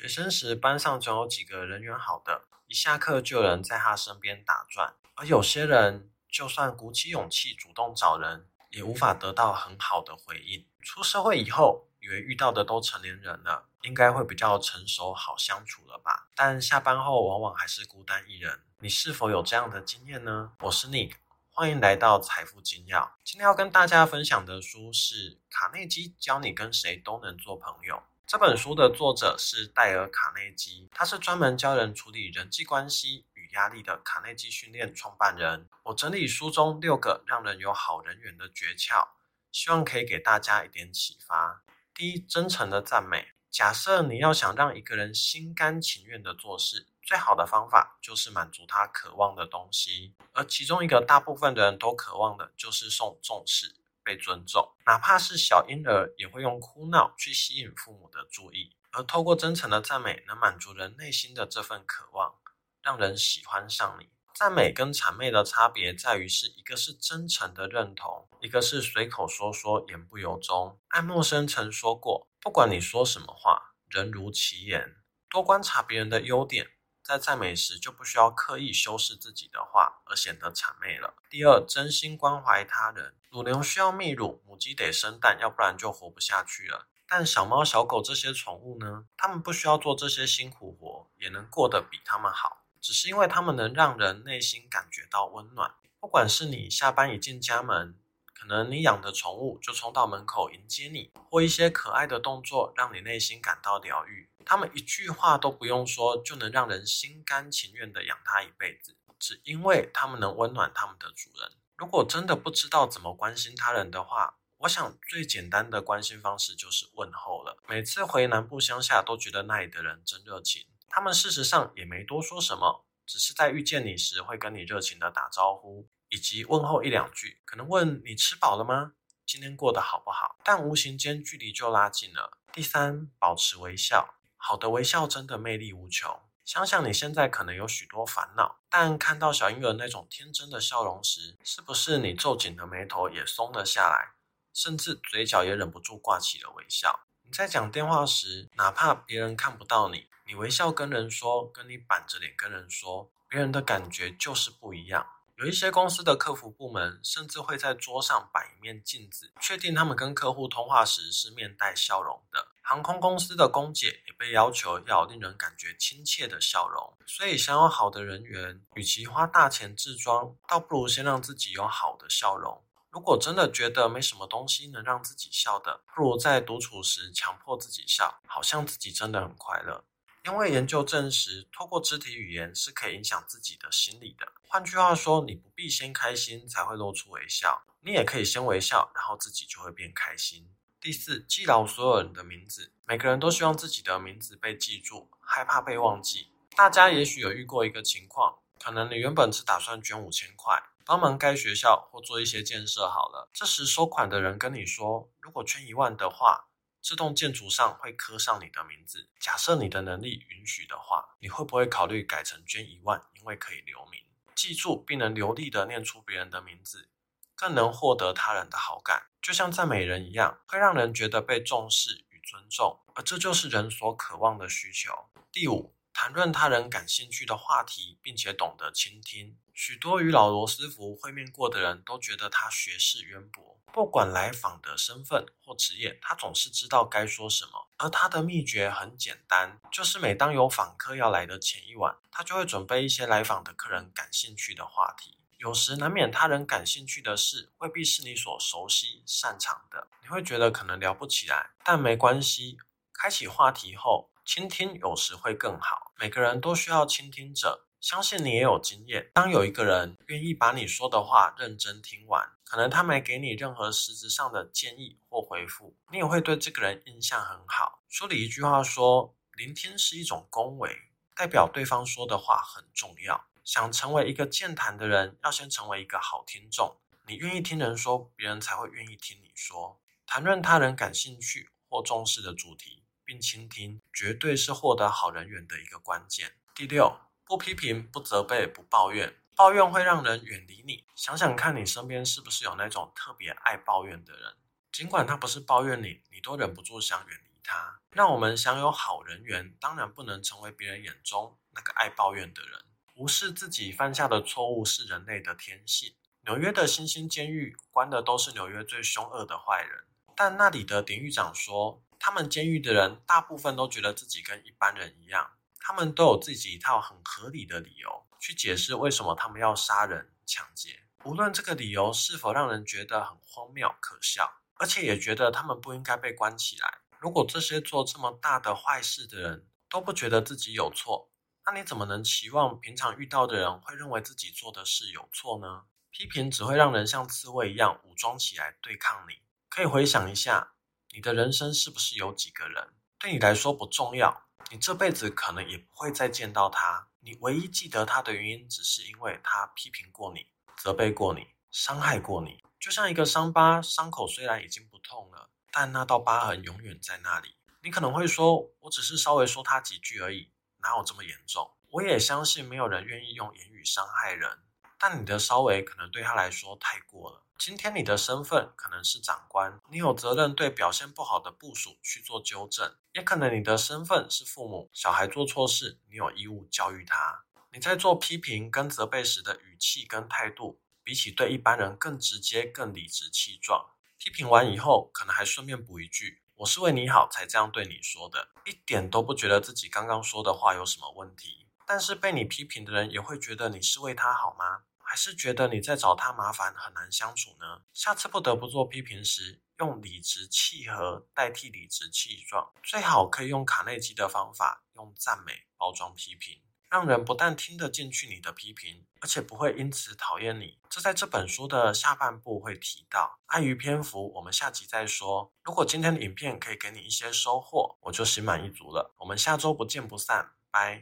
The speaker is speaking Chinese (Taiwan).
學生時，班上總有幾個人緣好的，一下課就有人在他身邊打轉。而有些人，就算鼓起勇氣主動找人，也無法得到很好的回應。出社會以後，以為遇到的都成年人了，應該會比較成熟，好相處了吧？但下班後，往往還是孤單一人。你是否有這樣的經驗呢？我是 Nick，歡迎來到財富精要。今天要跟大家分享的書是《卡內基教你跟誰都能做朋友》。這本書的作者是戴爾·卡內基，他是專門教人處理人際關係與壓力的卡內基訓練創辦人。我整理書中六個讓人有好人緣的訣竅，希望可以給大家一點啟發。第一，真誠的讚美。假設你要想讓一個人心甘情願地做事，最好的方法就是滿足他渴望的東西，而其中一個大部分的人都渴望的就是受重視。被尊重，哪怕是小嬰兒也會用哭鬧去吸引父母的注意，而透過真誠的讚美，能滿足人內心的這份渴望，讓人喜歡上你。讚美跟諂媚的差別在於，是一個是真誠的認同，一個是隨口說說，言不由衷。愛默生曾說過，不管你說什麼話，人如其言。多觀察別人的優點。在讚美時就不需要刻意修飾自己的話而顯得諂媚了。第二，真心關懷他人。乳牛需要泌乳，母雞得生蛋，要不然就活不下去了。但小貓、小狗這些寵物呢？它們不需要做這些辛苦活，也能過得比它們好，只是因為它們能讓人內心感覺到溫暖。不管是你下班一進家門，可能你養的寵物就衝到門口迎接你，或一些可愛的動作讓你內心感到療癒。它們一句話都不用說，就能讓人心甘情願地養它一輩子，只因為它們能溫暖他們的主人。如果真的不知道怎麼關心他人的話，我想最簡單的關心方式就是問候了。每次回南部鄉下都覺得那裡的人真熱情，他們事實上也沒多說什麼，只是在遇見你時會跟你熱情的打招呼。以及問候一兩句，可能問你吃飽了嗎？今天過得好不好？但無形間距離就拉近了。第三，保持微笑。好的微笑真的魅力無窮。想想你現在可能有許多煩惱，但看到小嬰兒那種天真的笑容時，是不是你皺緊的眉頭也鬆了下來，甚至嘴角也忍不住掛起了微笑？你在講電話時，哪怕別人看不到你，你微笑跟人說，跟你板着臉跟人說，別人的感覺就是不一樣。有一些公司的客服部門甚至會在桌上擺一面鏡子，確定他們跟客戶通話時是面帶笑容的。航空公司的空姐也被要求要有令人感覺親切的笑容。所以，想要好的人緣，與其花大錢置裝，倒不如先讓自己有好的笑容。如果真的覺得沒什麼東西能讓自己笑的，不如在獨處時強迫自己笑，好像自己真的很快樂。因為研究證實，透過肢體語言是可以影響自己的心理的。換句話說，你不必先開心才會露出微笑，你也可以先微笑，然後自己就會變開心。第四，記牢所有人的名字。每個人都希望自己的名字被記住，害怕被忘記。大家也許有遇過一個情況，可能你原本是打算捐五千塊，幫忙蓋學校或做一些建設。好了，這時收款的人跟你說，如果捐一萬的話。這棟建築上會刻上你的名字。假設你的能力允許的話，你會不會考慮改成捐一萬，因為可以留名？記住，並能流利地念出別人的名字，更能獲得他人的好感，就像讚美人一樣，會讓人覺得被重視與尊重，而這就是人所渴望的需求。第五。談論他人感興趣的話題，並且懂得傾聽。許多與老羅斯福會面過的人都覺得他學識淵博。不管來訪的身份或職業，他總是知道該說什麼。而他的秘訣很簡單，就是每當有訪客要來的前一晚，他就會準備一些來訪的客人感興趣的話題。有時難免他人感興趣的事，未必是你所熟悉、擅長的，你會覺得可能聊不起來。但沒關係，開啟話題後。傾聽有時會更好。每個人都需要傾聽者，相信你也有經驗。當有一個人願意把你說的話認真聽完，可能他沒給你任何實質上的建議或回復，你也會對這個人印象很好。書裡一句話說，說聆聽是一種恭維，代表對方說的話很重要。想成為一個健談的人，要先成為一個好聽眾。你願意聽人說，別人才會願意聽你說。談論他人感興趣或重視的主題。並傾聽，絕對是獲得好人緣的一個關鍵。第六，不批評，不責備，不抱怨。抱怨會讓人遠離你。想想看你身邊是不是有那種特別愛抱怨的人？儘管他不是抱怨你，你都忍不住想遠離他。讓我們享有好人緣，當然不能成為別人眼中那個愛抱怨的人。無視自己犯下的錯誤是人類的天性。紐約的新新監獄關的都是紐約最兇惡的壞人，但那裡的典獄長說。他們監獄的人大部分都覺得自己跟一般人一樣，他們都有自己一套很合理的理由去解釋為什麼他們要殺人搶劫，無論這個理由是否讓人覺得很荒謬可笑，而且也覺得他們不應該被關起來。如果這些做這麼大的壞事的人都不覺得自己有錯，那你怎麼能期望平常遇到的人會認為自己做的事有錯呢？批評只會讓人像刺蝟一樣武裝起來對抗你。可以回想一下。你的人生是不是有幾個人對你來說不重要？你這輩子可能也不會再見到他。你唯一記得他的原因，只是因為他批評過你、責備過你、傷害過你。就像一個傷疤，傷口雖然已經不痛了，但那道疤痕永遠在那裡。你可能會說，我只是稍微說他幾句而已，哪有這麼嚴重？我也相信沒有人願意用言語傷害人。但你的稍微可能對他來說太過了。今天你的身份可能是長官，你有責任對表現不好的部屬去做糾正；也可能你的身份是父母，小孩做錯事，你有義務教育他。你在做批評跟責備時的語氣跟態度，比起對一般人更直接、更理直氣壯。批評完以後，可能還順便補一句：“我是為你好才這樣對你說的。”一點都不覺得自己剛剛說的話有什麼問題。但是被你批評的人也會覺得你是為他好嗎？還是覺得你在找他麻煩很難相處呢？下次不得不做批評時，用理直氣和代替理直氣壯，最好可以用卡內基的方法，用讚美包裝批評，讓人不但聽得進去你的批評，而且不會因此討厭你。這在這本書的下半部會提到，礙於篇幅，我們下集再說。如果今天的影片可以給你一些收穫，我就心滿意足了。我們下周不見不散，拜。